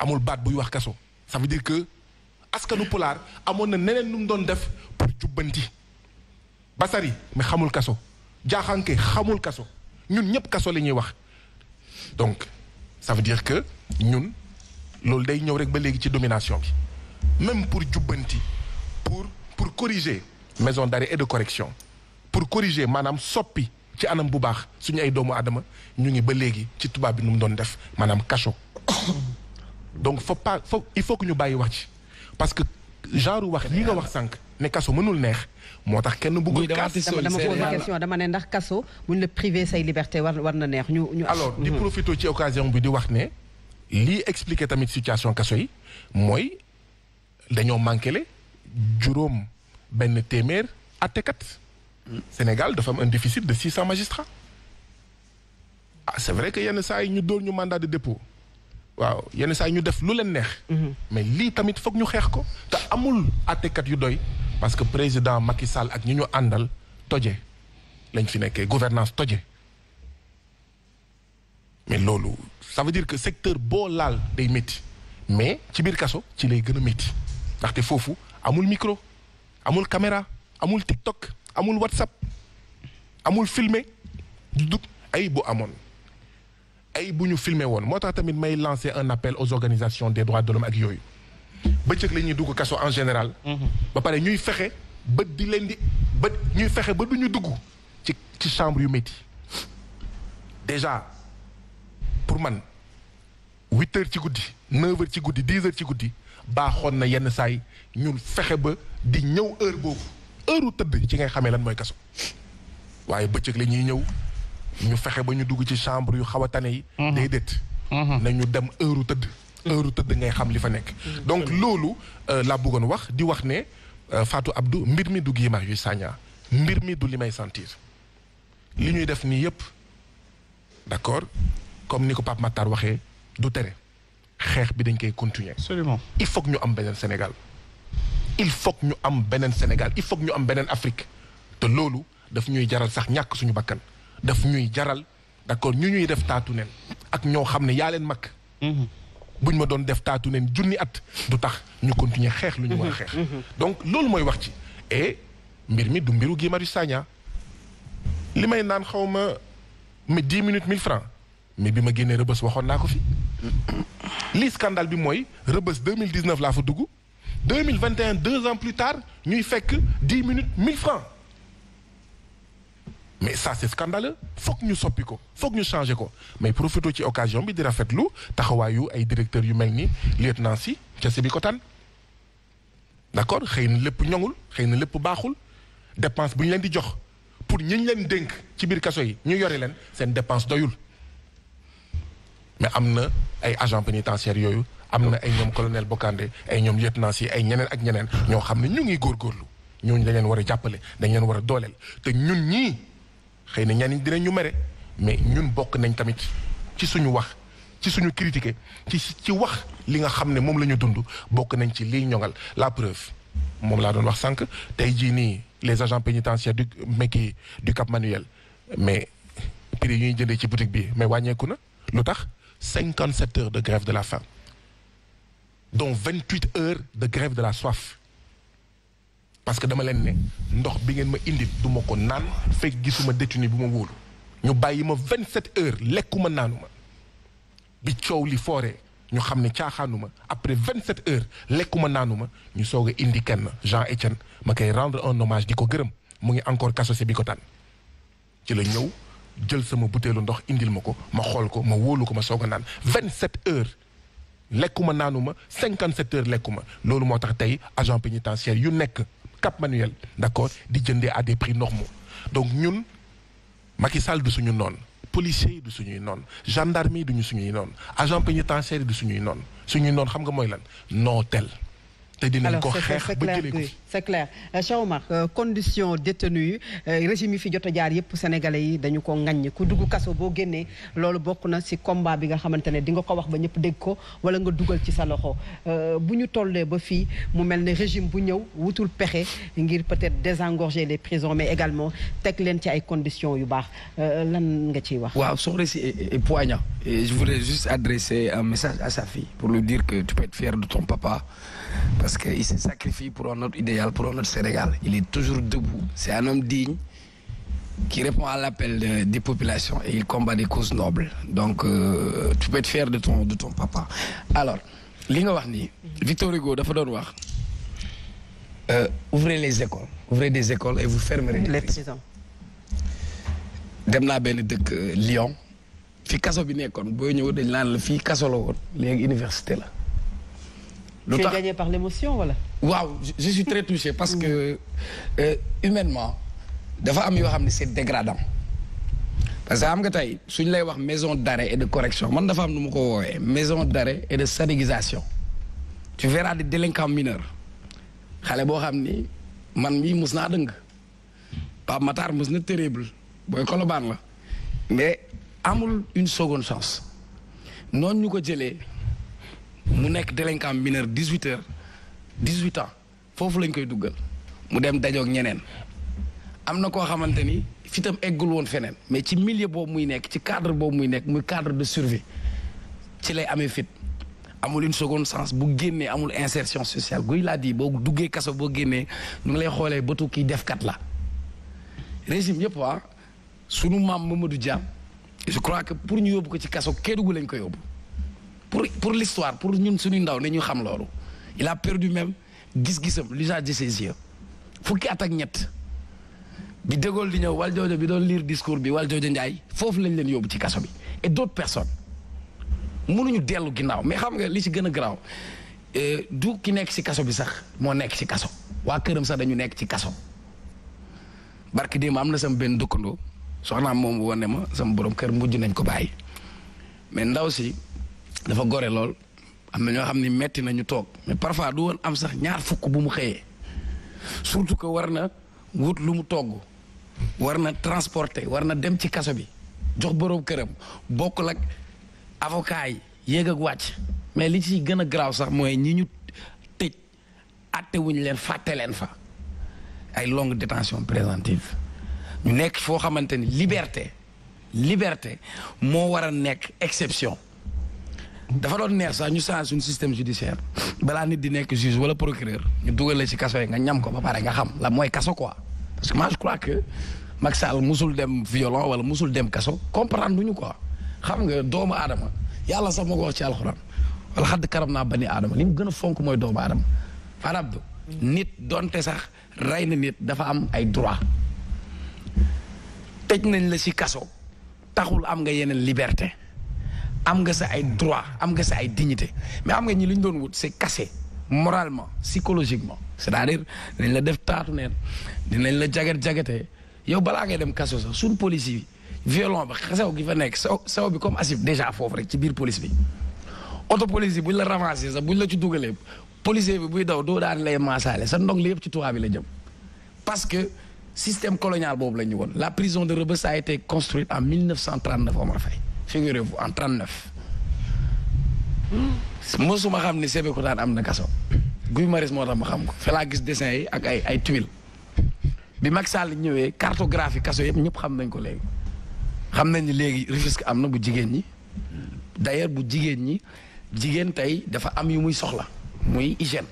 amul baat buy wax kaso ça veut dire que askanu pulaar amoon na neneen nu mu doon def pour jubbanti basari mais xamul kaso jaaxanke xamul kaso ñun ñëpp kaso la ñuy wax donc ça veut dire que ñun loolu day ñëw rek ba léegi ci domination bi même pour jubbanti pour pour corriger maison d'arrêt et de correction pour corriger maanaam soppi ci anam bu baax suñu ay doomu aadama ñu ngi ba léegi ci tubaab bi nu doon def maanaam kaso donc faut pas faut il faut que ñu bàyyi wax ci parce que genre wax lii nga wax sànq ne kaso mënul neex moo tax kenn bëggul kaas dama posé question dama ne ndax kaso buñ la privé say liberté war war na neex ñu ñu alors di mm-hmm. profité ci occasion bi di wax ne lii expliqué tamit situation kaso yi mooy dañoo manquele juróom benn téeméer attekat mm-hmm. Sénégal dafa am un déficit de six cent magistrats ah c'est vrai que yenn saa yi ñu dóor ñu mandat de dépôt waaw yenn saa ñu def lu leen neex. Mhm. mais lii tamit foog ñu xeex ko. te amul àttekat yu doy parce que président Macky Sall ak ñi ñu àndal toje lañ fi nekkee gouvernance toje mais loolu ça veut dire que secteur boo laal day métti mais ci biir kaso ci lay gën a métti ndaxte foofu amul micro amul caméra amul TikTok amul WhatsApp amul filmer du ay bu amoon. ay bu ñu filmé woon moo tax tamit may lancer un appel aux organisations des droits de l'homme ak yooyu bëccëg la ñuy dugg kaso en général. Mhm. ba pare ñuy fexe ba di leen di bët ñuy fexe ba du ñu dugg ci ci chambre yu métti déjà pour man huit ci guddi neuf ci guddi dix heures ci baaxoon na yenn saay ñun fexe ba di ñëw heure boobu heure u tëdd ci ngay xamee lan mooy kaso waaye bëccëg la ñuy ñëw. ñu fexe ba ñu dugg ci chambre yu xaw a tane yi. Mhm. déedéet. Mhm. nañu dem heure tëdd. heure tëdd ngay xam li fa nekk. Mhm. donc loolu euh, laa buggoon wax di wax ne euh, Fatou Abdou mbir mi du Guy Marius Sagna mbir mi du li may sentir. li ñuy def nii yëpp d'accord comme ni ko Pape waxee du tere xeex bi dañ koy continuer. absolument il faut que ñu am beneen Sénégal. il faut ñu am beneen Sénégal il faut ñu am beneen Afrique te loolu daf ñuy jaral sax ñàkk suñu bakkan. daf ñuy jaral d'accord ñu ñuy def taatu neen ak ñoo xam ne yaa leen mag. Mm-hmm. buñ ma doon def taatu neen junni at du tax ñu continuer xeex lu ñu war mm-hmm. xeex. Mm-hmm. donc loolu mooy wax ci et mbir mi du mbiru Guy Marius Sagna li may naan xaw ma mais dix minutes mille francs mais bi ma génnee rëbës waxoon naa ko fi. lii scandale bi mooy rëbës 2019 laa fa dugg vingt 2021 deux ans plus tard ñuy fekk dix minutes mille francs. mais sa c'est scandaleux foog ñu soppi ko foog ñu changé ko mais profité ci occasion bi di rafetlu taxawaayu ay directeurs yu mel ni lieutenant si ca Sébikotane d'accord xëy na lépp ñoŋul xëy na lépp baaxul dépense bu ñu leen di jox pour ñu leen dénk ci biir kaso yi ñu yore leen seen dépense doyul mais am na ay agents pénitentiaires yooyu am na ay ñoom colonel Bokandé ay ñoom lieutenant si ay ñeneen ak ñeneen ñoo xam ne ñu ngi góorgóorlu ñooñu dañ leen war a jàppale dañ war a dooleel te ñun ñii xëy na ñenn ñi ñu mere mais ñun bokk nañ tamit ci suñu wax ci suñu critiquer ci ci wax li nga xam ne moom la ñu dund bokk nañ ci liy ñoŋal la preuve moom laa doon wax sànq tey jii nii les agents pénitentiaires du mekki du Cap Manuel mais prix ñuy jëndee ci boutique bi mais wàññeeku na lu tax cinquante sept heures de grève de la faim donc vingt huit heures de grève de la soif parce que dama leen ne ndox bi ngeen ma indi du ma ko naan fekk gisuma détenu bu ma wóolu ñu bàyyi ma 27 heures lekkuma naanuma bi coow li foore ñu xam ne caaxaanuma après 27 heures lekkuma naanuma ñu soog a indi kenn Jean Étienne ma koy rendre un hommage di ko gërëm mu ngi encore kaso si bi ko ci la ñëw jël sama butéelu ndox indil ma ko ma xool ko ma wóolu ko ma soog a naan 27 heures. lekkuma naanuma 57 heures lekkuma loolu moo tax tey agent pénitentiaire yu nekk Cap Manuel d'accord di jëndee à des prix normaux donc ñun Macky Sall du suñu noonu policiers yi du suñuy noonu gendarmerie yi duñu suñuy noon agent pénitentiaire yi du suñuy noonu suñuy noon xam nga mooy lan nootel te dinañ ko xeex ba jëlee ko fi c'est clair Cheikh euh, condition détenu yi euh, régime yi fi jot jaar yëpp sénégalais yi dañu ko ŋaññ ku dugg kaso boo génnee loolu bokk na ci combat bi nga xamante ne di nga ko wax ba ñëpp dégg ko wala nga dugal ci sa loxo euh, bu ñu tollee ba fii mu mel ne régime bu ñëw wutul pexe ngir peut-être désengorger les prisons mais également teg leen ci ay conditions yu baax lan nga ci wax. waaw soxna si est poignant. je voudrais juste adresser un message à sa fille pour lu dire que tu peux être parce que qu'il s'est sacrifié pour notre idéal, pour notre Sénégal. Il est toujours debout. C'est un homme digne qui répond à l'appel de, des populations et il combat des causes nobles. Donc, euh, tu peux être fier de ton, de ton papa. Alors, Lingawani, Victor Hugo, d'abord, euh, ouvrez les écoles. Ouvrez des écoles et vous fermerez les, les prisons. dem naa benn dëkk euh, Lyon fi kaso bi nekkoon booy ñëw dañ naan la fi kaso la woon léegi université la lu tax tu es gagné par l'émotion wala. waaw je, je suis très touché parce que euh, euh, humainement dafa am yoo xam ne c'est dégradant parce que xam nga tey suñ lay wax maison de d'arrêt et de correction man dafa am nu mu ko woowee maison d'arrêt et de stabilisation tu verras des délinquants mineurs xale boo xam ni man mii mus naa dëng Pape Matar mus na terrible booy kolobaan la mais amul une seconde chance noonu ñu ko jëlee. mu nekk délinquant mineur dix huit heures dix huit ans foofu lañ koy duggal mu dem dajoog ñeneen am na koo xamante ni fi eggul woon feneen mais ci millier boobu muy nekk ci cadre boobu muy nekk muy cadre de survie ci lay amee fit amul une seconde chance bu génnee amul insertion sociale guy laa di boo duggee kaso boo génnee ñu ngi lay xoolee bëtu kii defkat la régime yëpp waa ah, sunu maam Mamadou Dia je crois que pour ñu yóbbu ko ci kaso Kédougou lañ ko yóbbu pour pour l'histoire pour ñun suñuy ndaw li ñu xam loolu il a perdu même gis-gisam l'usage saa ses yeux fukki at ak ñett bi De Gaulle di ñëw Valdiodio bi doon liir discours bi Valdiodio Ndiaye foofu lañ leen yóbbu ci kaso bi et d'autres personnes mënuñu dellu ginnaaw mais xam nga li ci gën a garaaw euh, du ki nekk ci kaso bi sax moo nekk ci kaso waa këram sax dañu nekk ci kaso barki démb am na sama benn dëkkandoo soxnaam moom wone ma sama borom kër mujj nañ ko bàyyi ndaw dafa gore lool am na ñoo xam ni metti nañu toog mais parfois du woon am sax ñaar fukk bu mu xëyee surtout que war na wut lu mu togg war na transporter war na dem ci kaso bi jox boroom këram bokk ak avocat yi yéeg ak wàcc mais li ci gën a garaaw sax mooy ñi ñu tëj àtte wuñ leen fàtte leen fa ay longue détention préventive ñu nekk foo xamante ni liberté liberté moo war a nekk exception dafa doon neex sax ñu change suñu système judiciaire balaa nit di nekk juge wala procureur ñu dugal la ci kaso yi nga ñam ko ba pare nga xam la mooy kaso quoi parce que moi je crois que Macky Sall musul dem violent wala musul dem kaso comprendre lu ñu xam nga doomu aadama yàlla sax moo ko wax ci alxuraan wala xadd karam naa bani aadama li mu gën a fonk mooy doomu aadama farab nit donte sax rey na nit dafa am ay droit tëj nañ la ci kaso taxul am nga yeneen liberté am nga sa ay droit am nga sa ay dignité mais am nga ñi li ñu doon wut c'est cassé moralement psychologiquement c'est-à-dire dinañ la def taatu neen dinañ la jagat jagatee yow balaa ngay dem kaso sax suñ police yi violent ba xasaw gi fa nekk saw saw bi comme asib déjà foofu rek ci biir police bi auto police yi buñ la ravancé sax buñ la ci dugalee policier bi buy daw doo daan lay maasaale sa ndong li yëpp ci tubaab bi la jëm parce que système colonial boobu la ñu woon la prison de Rebeuss a été construite en 1939 figurez-vous en 39 suma xam ni daan am na kaso Guy Marius moo tax ma xam ko fa laa gis dessin yi ak ay ay tuiles bi mag Sall ñëwee cartographie kaso yëpp ñëpp xam nañ ko léegi xam nañ ni léegi Rufisque am na bu jigéen ñi d'ailleurs bu jigéen ñi jigéen tey dafa am yu muy soxla muy hygiène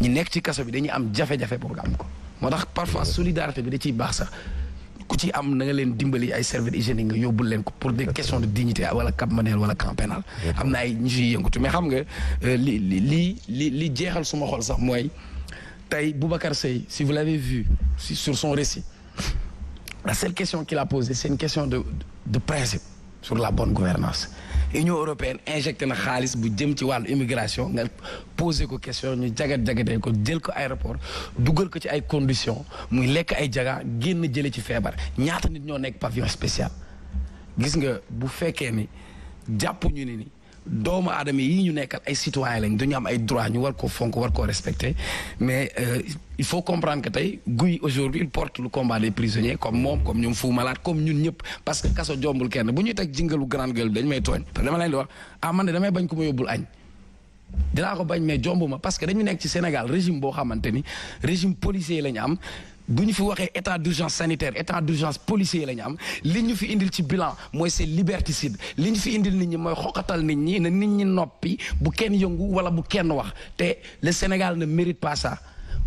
ñi nekk ci kaso bi dañuy am jafe-jafe pour am ko moo tax parfois solidarité bi da ciy baax sax ku ci am na leen dimbali ay service hygiénique nga yóbbul leen ko pour des questions de dignité wala Cap Manuel wala camp pénal am na ay ñu ciy yëngatu mais xam nga euh, li li li li jeexal suma xol sax mooy tey Boubacar Seye si vous l'avez vu si sur son récit la seule question qu'il a posée c'est une question de de principe sur la bonne gouvernance Union européenne injecté na xaalis bu jëm ci wàllu immigration nga posé ko question ñu jagat jagatee ko jël ko aéroport dugal ko ci ay conditions muy lekk ay jaga génn jële ci feebar ñaata nit ñoo nekk pavillon spécial gis nga bu fekkee ni jàpp ñu ni ni doomu adama yi ñu nekkal ay citoyen lañ dañu am ay droit ñu war ko fonk war ko respecte mais euh, il faut comprendre que tey Guy aujourd'hui il porte le combat des prisonniers comme moom comme ñoom Fou Malade comme ñun ñëpp parce que kaso jombul kenn bu ñuy teg jingalu grande gueule bi dañ may tooñ ah, man de damay bañ ku ma yóbbul añ dinaa ko bañ mais jomb ma parce que dañu nekk ci Sénégal régime boo xamante ni régime policier lañu am bu ñu fi waxee état d'urgence sanitaire état d'urgence policier la ñu am li ñu fi indil ci bilan mooy c'est liberticide li ñu fi indil nit ñi mooy xoqatal nit ñi na nit ñi noppi bu kenn yëngu wala bu kenn wax te le Sénégal ne mérite pas ça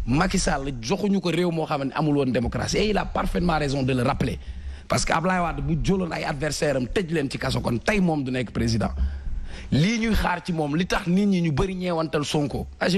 Macky Sall joxuñu ko réew moo xam ne amul woon démocratie et il a parfaitement raison de le rappeler parce que Ablaye Wade bu jëloon ay adversaire am tëj leen ci kaso kon tey moom du nekk président lii ñuy xaar ci moom li tax nit ñi ñu bëri ñeewantal Sonko ah je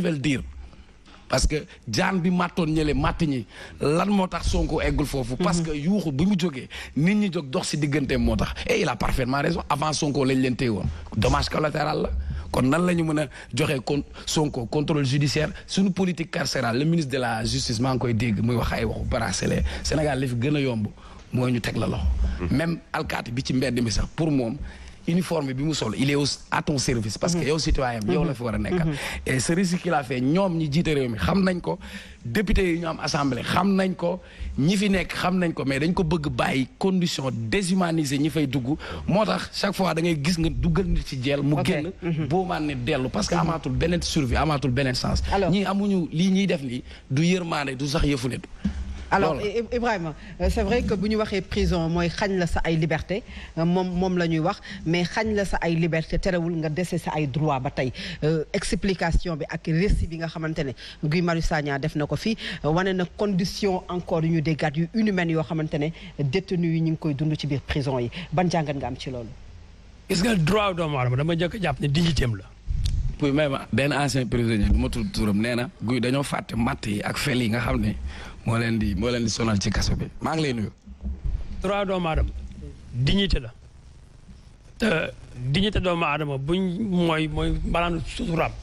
parce que jaan bi màttoon ñële màtt ñi lan moo tax Sonko eggul foofu. Mhm. parce que yuuxu bi mu jógee nit ñi jóg dox si digganteem moo tax. et il a parfaitement raison avant Sonko lañ leen téye woon dommage collatéral la kon nan la ñu mën a joxe kon Sonko contrôle judiciaire suñu politique carcérale le ministre de la justice maa ngi koy dégg muy wax ay waxu bracelet Sénégal li fi gën a yomb mooy ñu teg la loxo. Mhm. même alkaati bi ci mbedd mi sax pour moom. uniforme bi mu sol il est au at ton service. parce que mm-hmm. yow citoyen bi yow la fi war a nekkal. Mm-hmm. et ce risque qu'il ñoom ñi jiite réew mi xam nañ ko député yi ñu am assemblée xam nañ ko ñi fi nekk xam nañ ko mais dañ ko bëgg bàyyi condition déshumanisée ñi fay dugg moo tax chaque fois da ngay gis nga duggal nit ci jeel mu génn mm-hmm. boomaan ne dellu parce que amaatul beneen survie amaatul beneen sens ñii amuñu lii ñuy def nii du yërmaande du sax yëfu nit alors Ibrahima euh, c'est vrai que bu ñu waxee prison mooy xañ la sa ay liberté euh, moom moom la ñuy wax mais xañ la sa ay liberté terewul nga dese sa ay droit ba tey euh, explication bi ak récit bi nga xamante ne Guy Marius Sagna def na ko fii wane na condition encore yu ñu déggaat yu inhumaine yoo xamante ne détenu yi ñu koy dund ci biir prison yi ban jàngat nga am ci loolu gis nga droit doomu aadama dama jëkk jàpp ne dignitéem la pour benn ancien prisonnier du ma tudd turam nee na guy dañoo fàtte matt yi ak fel yi nga xam ne moo leen di moo leen di sonal ci kaso bi maa ngi lay nuyu. droit doomu aadama dignité la te dignité doomu aadama bu mooy mooy mbalaanu suturaam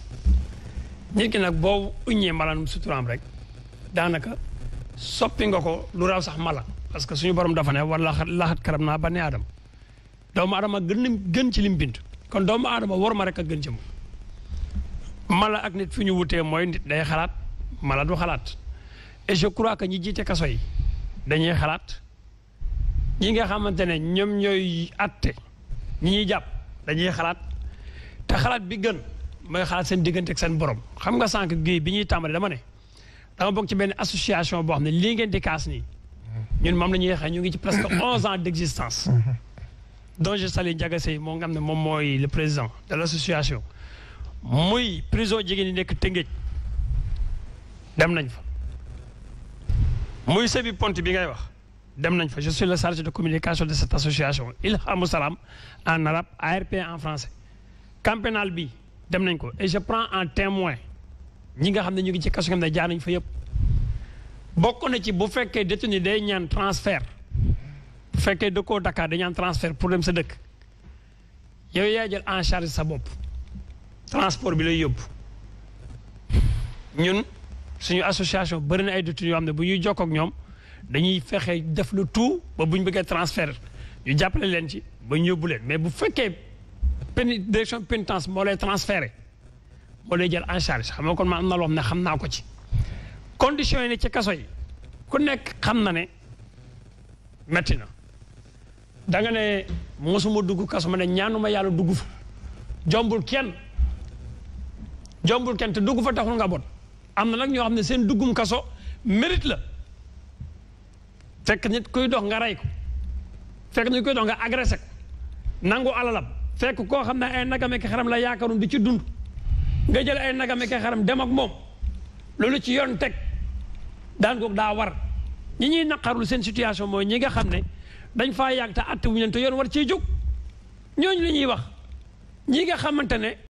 nit ki nag boo uññee mbalaanu suturaam rek daanaka soppi nga ko lu raw sax mala parce que suñu borom dafa ne wala laxat karam naa ba ne aadama doomu aadama gën gën ci lim bind kon doomu aadama war ma rek a gën ci moom mala ak nit fu ñu wutee mooy nit day xalaat mala du xalaat et je crois que ñi jiite kaso yi dañuy xalaat ñi nga xamante ne ñoom ñooy atte ñi ñuy jàpp dañuy xalaat te xalaat bi gën mooy xalaat seen diggante ak seen borom xam nga sànq gi bi ñuy tàmbali dama ne dama bokk ci benn association boo xam ne lii ngeen di kaas nii ñun moom la ñuy xëy ñu ngi ci presque onze ans d' existence donc je salue Ndiaga Seye moo xam ne moom mooy le président de l' association muy prison jigéen ñi nekk Tëngéej dem nañ fa muy sëbi pont bi ngay wax dem nañ fa je suis le chargé de communication de cette association Ilhamou Salam en arabe ARP en français camp bi dem nañ ko et je prends en témoin ñi nga xam ne ñu ngi ci kaso nga ne jaar nañ fa yëpp bokk na ci bu fekkee détenu day ñaan transfert bu fekkee dëkkoo Dakar day ñaan transfert pour dem sa dëkk yow yaa jël en charge sa bopp transport bi lay yóbbu suñu association bëri na ay détenus yoo xam ne bu ñuy jokkoo ak ñoom dañuy fexee def lu tout ba bu ñu bëggee transfert ñu jàppale leen ci ba ñu yóbbu leen mais bu fekkee péni direction pénitence moo lay transféré moo lay jël en charge xam nga kon ma am na loo ne xam naa ko ci. conditions yi ne ci kaso yi ku nekk xam na ne métti na da nga ne mosuma dugg kaso ma ne ñaanuma yàlla dugg fa jombul kenn jombul kenn te dugg fa taxul nga bon. am na nag ñoo xam ne seen duggum kaso mérite la fekk nit kuy dox nga rey ko fekk nit kuy dox nga agressé ko nangu alalam fekk koo xam ne ay nagam ak xaram la yaakaaroon di ci dund nga jël ay nagam ak xaram dem ak moom loolu ci yoon teg daan goog daa war ñi ñuy naqarul seen situation mooy ñi nga xam ne dañ faa yàgg te àtte wuñu te yoon war ciy jóg ñooñu li ñuy wax ñi nga xamante ne